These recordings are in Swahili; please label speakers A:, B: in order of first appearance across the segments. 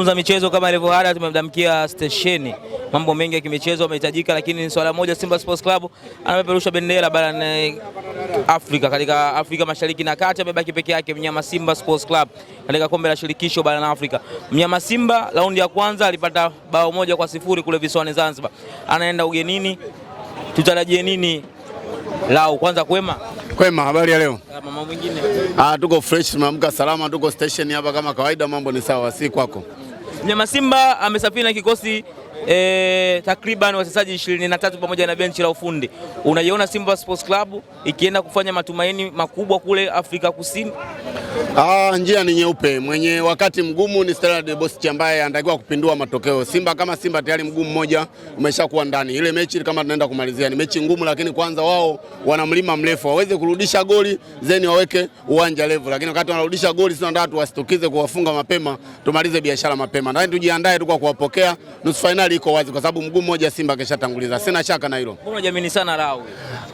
A: Tunazungumza michezo kama ilivyo ada, tumemdamkia stesheni, mambo mengi ya kimichezo yamehitajika, lakini ni swala moja, Simba Sports Club anapeperusha bendera barani Afrika, katika Afrika Mashariki na Kati amebaki peke yake mnyama Simba Sports Club katika kombe la shirikisho barani Afrika. Mnyama Simba raundi ya kwanza alipata bao moja kwa sifuri kule visiwani Zanzibar, anaenda ugenini, tutarajie nini? lao? kwanza, kwema
B: Kwema, habari ya leo?
A: Ah, Mama mwingine. Ah, tuko fresh, tumeamka salama, tuko station hapa kama kawaida, mambo ni sawa, si kwako? Mnyama Simba amesafiri na kikosi e, takriban wachezaji ishirini na tatu pamoja na benchi la ufundi. Unaiona Simba Sports Club ikienda kufanya matumaini makubwa kule Afrika Kusini.
B: Ah, njia ni nyeupe. Mwenye wakati mgumu ni Stella Bosch ambaye anatakiwa kupindua matokeo. Simba kama Simba tayari mguu mmoja umeshakuwa ndani. Ile mechi kama tunaenda kumalizia ni mechi ngumu, lakini kwanza wao wana mlima mrefu, waweze kurudisha goli zeni waweke uwanja levu. lakini wakati wanarudisha goli sio ndio, tuwasitukize kuwafunga mapema, tumalize biashara mapema. Nadhani tujiandae tu kwa kuwapokea. Nusu finali iko wazi, kwa sababu mguu mmoja Simba keshatanguliza. Sina shaka na hilo.
A: Mbona jamini sana lao.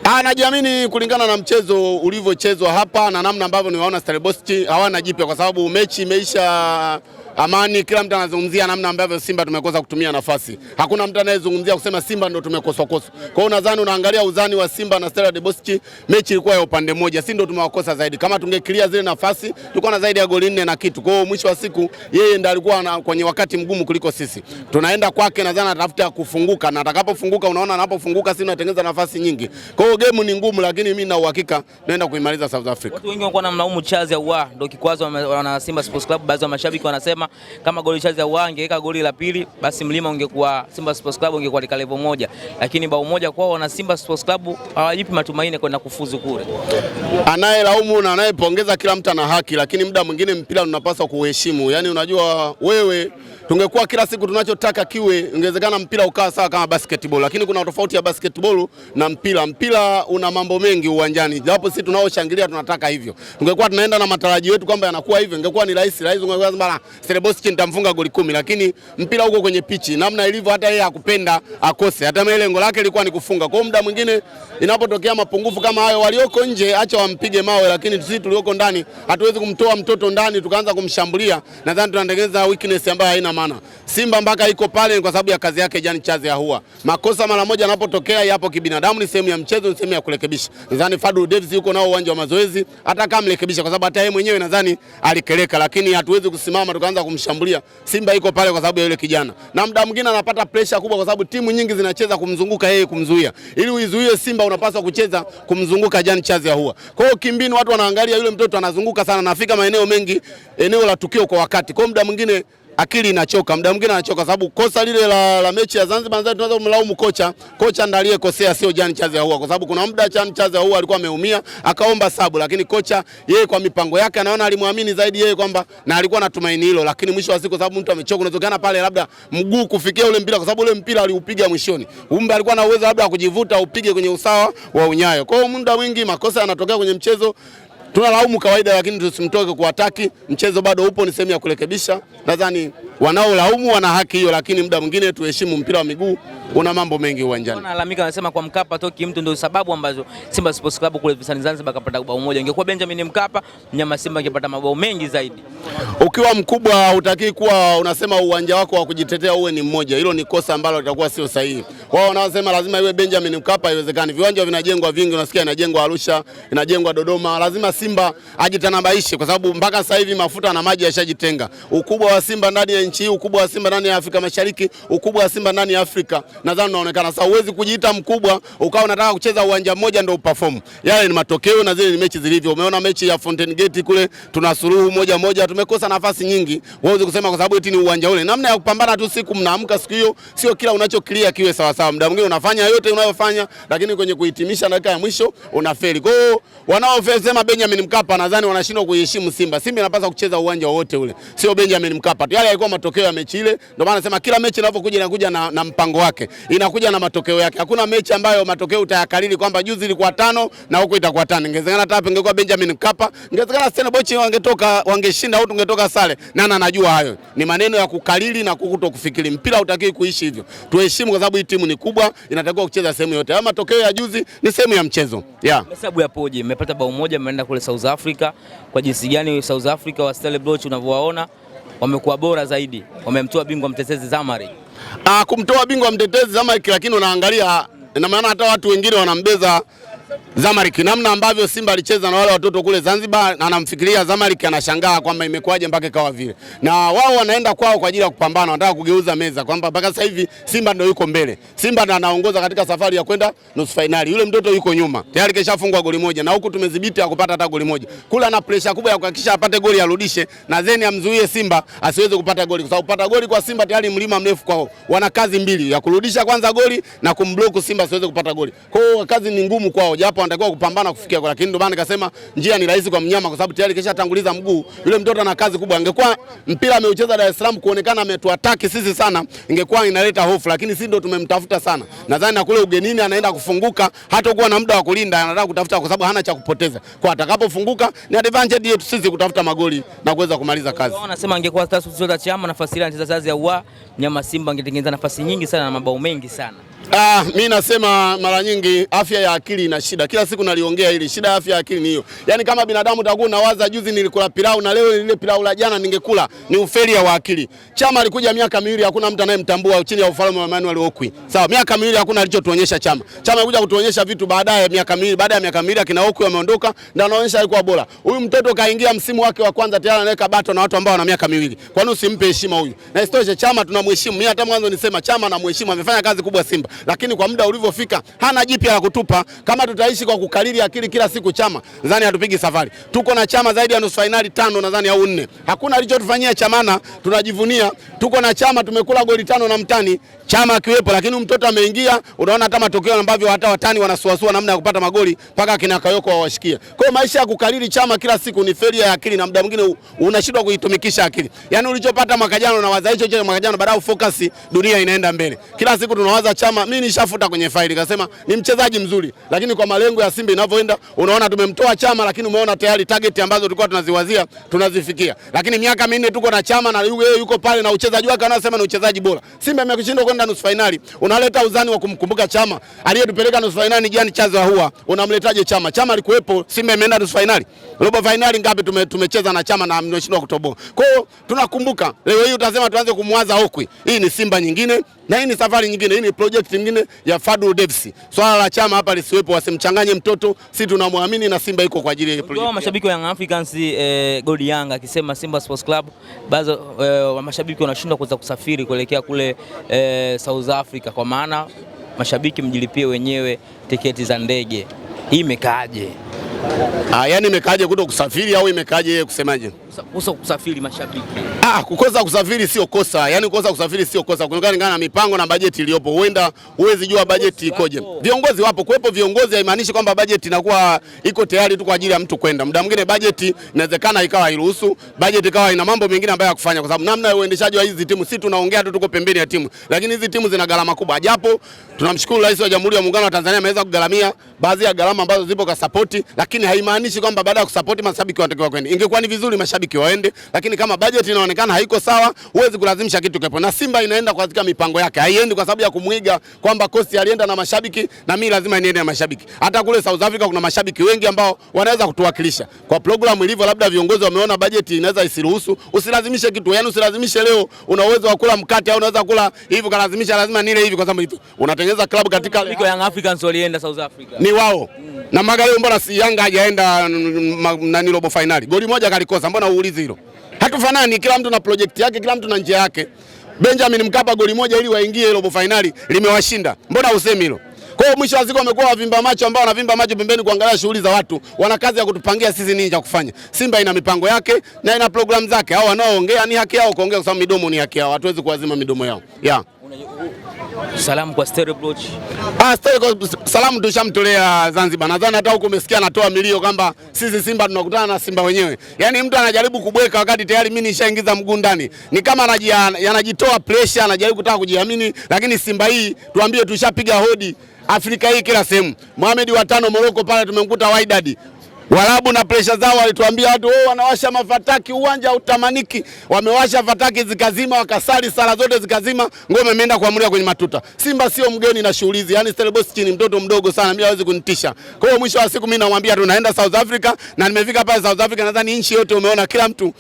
B: Ah, najiamini kulingana na mchezo ulivyochezwa hapa na namna ambavyo niwaona Stellenbosch hawana jipya, kwa sababu mechi imeisha Amani, kila mtu anazungumzia namna ambavyo Simba tumekosa kutumia nafasi. Hakuna mtu anayezungumzia kusema Simba ndio tumekosa kosa. Kwa hiyo nadhani unaangalia uzani wa Simba na Stella Deboski, mechi ilikuwa ya upande mmoja, si ndio tumewakosa zaidi. Kama tungeclear zile nafasi, tulikuwa na zaidi ya goli nne na kitu. Kwa hiyo mwisho wa siku yeye ndiye alikuwa kwenye wakati mgumu kuliko sisi. Tunaenda kwake, nadhani atafuta kufunguka na atakapofunguka, unaona anapofunguka sisi tunatengeneza nafasi nyingi. Kwa hiyo game ni ngumu, lakini mimi na uhakika tunaenda kuimaliza South Africa. Watu
A: wengi wanakuwa wanamlaumu Chazi au ndio kikwazo wana Simba Sports Club, baadhi ya mashabiki wanasema kama kama goli chazi ya uwanja ikaweka goli la pili, basi mlima ungekuwa Simba Sports Club ungekuwa katika level moja, lakini bao moja kwao wana Simba Sports Club hawajipi matumaini kwenda kufuzu kule.
B: Anayelaumu na anayepongeza kila mtu ana haki, lakini muda mwingine mpira tunapaswa kuheshimu. Yani unajua wewe tungekuwa kila siku tunachotaka kiwe, ingewezekana mpira ukawa sawa kama basketball, lakini kuna tofauti ya basketball na mpira. Mpira una mambo mengi uwanjani, japo sisi tunaoshangilia tunataka hivyo. Tungekuwa tunaenda na matarajio yetu kwamba yanakuwa hivyo, ingekuwa ni rahisi rahisi, ungekuwa Seleboski nitamfunga goli kumi, lakini mpira huko kwenye pichi namna ilivyo, hata yeye akupenda akose, hata mimi lengo lake lilikuwa ni kufunga. Kwa muda mwingine inapotokea mapungufu kama hayo, walioko nje acha wampige mawe, lakini sisi tulioko ndani hatuwezi kumtoa mtoto ndani tukaanza kumshambulia. Nadhani tunatengeneza weakness ambayo haina maana. Simba mpaka iko pale ni kwa sababu ya kazi yake Jean Charles Ahoua. Makosa mara moja yanapotokea yapo kibinadamu, ni sehemu ya mchezo, ni sehemu ya kurekebisha. Nadhani Fadul Davis yuko nao uwanja wa mazoezi, hata kama mrekebisha, kwa sababu hata yeye mwenyewe nadhani alikeleka, lakini hatuwezi kusimama tukaanza kumshambulia, Simba iko pale kwa sababu ya yule kijana, na muda mwingine anapata pressure kubwa, kwa sababu timu nyingi zinacheza kumzunguka yeye, kumzuia. Ili uizuie Simba, unapaswa kucheza kumzunguka Jan Chazi huwa. Kwa hiyo kimbinu, watu wanaangalia yule mtoto anazunguka sana, nafika maeneo mengi, eneo la tukio kwa wakati, kwa muda mwingine akili inachoka, muda mwingine anachoka, sababu kosa lile la, la mechi ya Zanzibar tunaweza kumlaumu kocha. Kocha ndiye aliyekosea, sio Jean Charles Ahoua, kwa sababu kuna muda Jean Charles Ahoua alikuwa ameumia akaomba sabu, lakini kocha yeye kwa mipango yake anaona alimwamini zaidi yeye kwamba, na alikuwa na tumaini hilo, lakini mwisho wa siku, kwa sababu mtu amechoka, unatokana pale labda mguu kufikia ule mpira, kwa sababu ule mpira aliupiga mwishoni, umbe alikuwa na uwezo labda kujivuta upige kwenye usawa wa unyayo. Kwa hiyo muda mwingi makosa yanatokea kwenye mchezo tunalaumu kawaida, lakini tusimtoke kuataki. Mchezo bado upo, ni sehemu ya kurekebisha. Nadhani wanaolaumu wana haki hiyo, lakini muda mwingine tuheshimu, mpira wa miguu una mambo mengi uwanjani.
A: Wanalalamika, wanasema kwa Mkapa toki mtu, ndio sababu ambazo Simba Sports Club kule visiwani Zanzibar kapata bao moja. Ingekuwa Benjamin Mkapa, mnyama Simba angepata mabao mengi zaidi.
B: Ukiwa mkubwa utakii kuwa unasema uwanja wako wa kujitetea uwe ni mmoja, hilo ni kosa ambalo litakuwa sio sahihi. Wao wanaosema lazima iwe Benjamin Mkapa, haiwezekani. Viwanja vinajengwa vingi, unasikia inajengwa Arusha, inajengwa Dodoma, lazima Simba ajitanabaishe, kwa sababu mpaka sasa hivi mafuta na maji yashajitenga. Ukubwa wa Simba ndani ya nchi hii, ukubwa wa Simba ndani ya Afrika Mashariki, ukubwa wa Simba ndani ya Afrika nadhani unaonekana sasa. Huwezi kujiita mkubwa ukawa unataka kucheza uwanja mmoja ndio uperform. Yale ni matokeo na zile ni mechi zilivyo. Umeona mechi ya Fountain Gate kule tunasuluhu moja moja, tumekosa nafasi nyingi. Huwezi kusema kwa sababu eti ni uwanja ule. Namna ya kupambana tu, siku mnaamka siku hiyo, sio kila unachokilia kiwe sawa sawa. Muda mwingine unafanya yote unayofanya, lakini kwenye kuhitimisha dakika ya mwisho unafeli. Kwa hiyo wanaosema Benjamin Mkapa nadhani wanashindwa kuheshimu Simba. Simba inapaswa kucheza uwanja wote ule, sio Benjamin Mkapa tu. Yale yalikuwa matokeo ya mechi ile. Ndio maana nasema kila mechi inavyokuja inakuja na, na mpango wake, inakuja na matokeo yake. Hakuna mechi ambayo matokeo utayakalili kwamba juzi ilikuwa tano na huko itakuwa tano. Ingezekana hata pengekuwa ingekuwa Benjamin Mkapa, ingewezekana Stellenbosch wangetoka wangeshinda au tungetoka sare. Nana anajua hayo ni maneno ya kukalili na kukuto kufikiri. Mpira hutakiwi kuishi hivyo, tuheshimu kwa sababu hii timu ni kubwa, inatakiwa kucheza sehemu yote. Haya matokeo ya juzi ni sehemu ya mchezo yeah.
A: Hesabu ya yapoje? Mmepata bao moja, mmeenda kule South Africa. Kwa jinsi gani South Africa wa Stellenbosch unavyowaona wamekuwa bora zaidi, wamemtoa bingwa mtetezi Zamalek.
B: Ah, kumtoa bingwa mtetezi Zamalek, lakini unaangalia, ina maana hata watu wengine wanambeza Zamalek namna ambavyo Simba alicheza na wale watoto kule Zanzibar, na anamfikiria Zamalek, anashangaa kwamba imekuwaje mpaka ikawa vile, na wao wanaenda kwao kwa ajili ya kupambana, wanataka kugeuza meza kwamba mpaka sasa hivi Simba ndio yuko mbele, Simba ndio anaongoza katika safari ya kwenda nusu fainali, yule mtoto yuko nyuma tayari, keshafungwa goli moja, na huku tumedhibiti akupata hata goli moja. Kule ana pressure kubwa ya kuhakikisha apate goli arudishe, na zeni amzuie Simba asiweze kupata goli, kwa sababu kupata goli kwa Simba tayari mlima mrefu kwao. Wana kazi mbili ya kurudisha kwanza goli na kumblock Simba asiweze kupata goli, kwa hiyo kazi ni ngumu kwao japo wanatakiwa kupambana kufikia kwa, lakini ndio maana nikasema njia ni rahisi kwa mnyama, kwa sababu tayari kishatanguliza mguu yule mtoto ana kazi kubwa. Angekuwa mpira ameucheza Dar es Salaam kuonekana ametuataki sisi sana, ingekuwa inaleta hofu, lakini sisi ndio tumemtafuta sana. Nadhani na kule ugenini anaenda kufunguka, hata kuwa na muda wa kulinda anataka kutafuta, kwa sababu hana cha kupoteza. Kwa atakapofunguka ni advantage yetu sisi kutafuta magoli na kuweza kumaliza kazi. Wao
A: wanasema angekuwa za Chama nafasi ile anacheza ya ua mnyama Simba angetengeneza nafasi nyingi sana na mabao mengi sana.
B: Ah, mi nasema mara nyingi afya ya akili ina shida. Kila siku naliongea hili, shida ya afya ya akili ni hiyo. Yaani kama binadamu utakuwa unawaza juzi nilikula pilau na leo lile pilau la jana ningekula, ni ufeli wa akili. Chama alikuja miaka miwili hakuna mtu anayemtambua chini ya ufalme wa Emmanuel Okwi. Sawa, miaka miwili hakuna alichotuonyesha chama. Chama alikuja kutuonyesha vitu baadaye ya miaka miwili, baada ya miaka miwili akina Okwi ameondoka na anaonyesha alikuwa bora. Huyu mtoto kaingia msimu wake wa kwanza tayari anaweka bato na watu ambao wana miaka miwili. Kwa nini usimpe heshima huyu? Na isitoshe chama tunamheshimu. Mimi hata mwanzo nisema chama namheshimu, amefanya kazi kubwa Simba lakini kwa muda ulivyofika hana jipya la kutupa. Kama tutaishi kwa kukalili akili kila siku chama, nadhani hatupigi safari. Tuko na chama zaidi ya nusu fainali tano nadhani au nne, hakuna alichotufanyia chamana, tunajivunia. Tuko na chama tumekula goli tano na mtani chama akiwepo, lakini mtoto ameingia, unaona hata matokeo ambavyo hata watani wanasuasua namna ya kupata magoli mpaka kina Kayoko wawashikia. Kwa hiyo maisha ya kukariri chama kila siku ni feria ya akili, na muda mwingine unashindwa kuitumikisha akili. Yani ulichopata mwaka jana na hicho hicho mwaka jana, baadaye focus, dunia inaenda mbele. Kila siku tunawaza chama. Mimi nishafuta kwenye faili, kasema ni mchezaji mzuri, lakini kwa malengo ya Simba inavyoenda, unaona tumemtoa chama, lakini umeona tayari target ambazo tulikuwa tunaziwazia tunazifikia. Lakini miaka minne tuko na chama na yule yuko pale na uchezaji wake anasema ni uchezaji bora. Simba imekushinda tunakwenda nusu fainali, unaleta uzani wa kumkumbuka Chama aliyetupeleka nusu fainali ni Jani Chaza Hua, unamletaje Chama? Chama alikuwepo, Simba imeenda nusu fainali, robo fainali ngapi tume, tumecheza na Chama na mmeshindwa kutoboa. Kwa hiyo tunakumbuka leo hii, utasema tuanze kumwaza Okwi. Hii ni Simba nyingine na hii ni safari nyingine, hii ni project nyingine ya Fadlu Davis. Swala la Chama hapa lisiwepo, wasimchanganye mtoto, si tunamwamini na Simba iko kwa ajili ya
A: project. Mashabiki wa Young Africans eh, Gold Young akisema Simba Sports Club baadhi eh, mashabiki wanashindwa kuweza kusafiri kuelekea kule eh, South Africa kwa maana mashabiki mjilipie wenyewe tiketi za ndege. Hii imekaaje?
B: Ah, yani imekaje kuto kusafiri au imekaje yeye kusemaje?
A: Kukosa kusafiri mashabiki.
B: Ah, kukosa kusafiri sio kosa. Yaani kukosa kusafiri sio kosa. Kulingana na mipango na bajeti iliyopo. Huenda huwezi jua bajeti ikoje. Viongozi wapo, kuwepo viongozi haimaanishi kwamba bajeti inakuwa iko tayari tu kwa ajili ya mtu kwenda. Muda mwingine bajeti inawezekana ikawa hairuhusu, bajeti ikawa ina mambo mengine ambayo ya kufanya kwa sababu namna ya uendeshaji wa hizi timu si tunaongea tu tuko pembeni ya timu. Lakini hizi timu zina gharama kubwa. Japo tunamshukuru Rais wa Jamhuri ya Muungano wa Tanzania ameweza kugharamia baadhi ya gharama ambazo zipo kwa support lakini lakini haimaanishi kwamba baada ya kusapoti mashabiki wanatakiwa kwenda. Ingekuwa ni vizuri mashabiki waende, lakini kama bajeti inaonekana haiko sawa, huwezi kulazimisha kitu kepo. Na Simba inaenda katika mipango yake, haiendi kwa sababu ya kumwiga kwamba Kosti alienda na mashabiki na mimi lazima niende na mashabiki. Hata kule South Africa kuna mashabiki wengi ambao wanaweza kutuwakilisha kwa programu ilivyo, labda viongozi wameona bajeti inaweza isiruhusu. Usilazimishe kitu, yani usilazimishe leo una uwezo wa kula mkate au unaweza kula hivi, kalazimisha lazima nile hivi, kwa sababu hivi unatengeneza klabu katika
A: Young Africans walienda South Africa,
B: ni wao mm na Magaleo mbona si Yanga hajaenda mm, nani robo finali? Goli moja kalikosa, mbona uulizi hilo? Hatufanani, kila mtu na project yake, kila mtu na njia yake. Benjamin Mkapa goli moja ili waingie robo finali limewashinda, mbona usemi hilo? Kwa mwisho wa siku wamekuwa wavimba macho ambao wanavimba macho pembeni kuangalia shughuli za watu. Wana kazi ya kutupangia sisi nini cha kufanya. Simba ina mipango yake na ina programu zake. Hao wanaoongea ni haki yao kuongea, kwa sababu midomo ni haki yao. Hatuwezi kuwazima midomo yao. Yeah.
A: Salamu kwa Stereo Broch.
B: Ah, Stereo, salamu tushamtolea Zanzibar. Nadhani hata huko umesikia anatoa milio kwamba sisi Simba tunakutana na Simba wenyewe. Yaani mtu anajaribu kubweka wakati tayari mimi nishaingiza mguu ndani. Ni kama anajitoa pressure, anajaribu kutaka kujiamini, lakini Simba hii tuambie tushapiga hodi Afrika hii kila sehemu. Mohamed tano Morocco pale tumemkuta Wydad. Warabu na presha zao walituambia watu oh, wanawasha mafataki uwanja utamaniki. Wamewasha fataki zikazima, wakasali sala zote zikazima, ngome imeenda kuamulia kwenye matuta. Simba sio mgeni na shughulizi yani Stellenbosch ni mtoto mdogo sana, mimi hawezi kunitisha. Kwa hiyo mwisho wa siku mimi namwambia tu naenda South Africa, na nimefika pale South Africa, nadhani nchi yote umeona kila mtu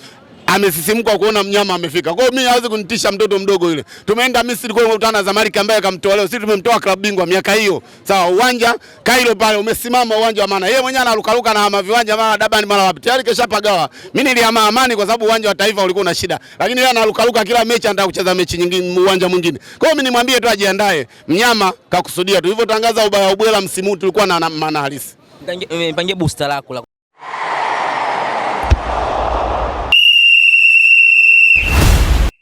B: amesisimka kuona mnyama amefika. Kwa hiyo mimi hawezi kunitisha mtoto mdogo yule. Tumeenda Misri kwa kukutana na Zamalek ambaye akamtoa leo. Sisi tumemtoa klabu bingwa miaka hiyo. Sawa, uwanja Cairo pale umesimama uwanja wa maana. Yeye mwenyewe anarukaruka na hama viwanja mara dabani mara wapi. Tayari keshapagawa. Mimi nilihama amani kwa sababu uwanja wa taifa ulikuwa una shida. Lakini yeye anarukaruka kila mechi anataka kucheza mechi nyingine uwanja mwingine. Kwa hiyo mimi nimwambie tu ajiandae. Mnyama kakusudia tu. Hivyo tangaza ubaya ubwela msimu tulikuwa na maana halisi.
A: Eh, mpangie booster lako la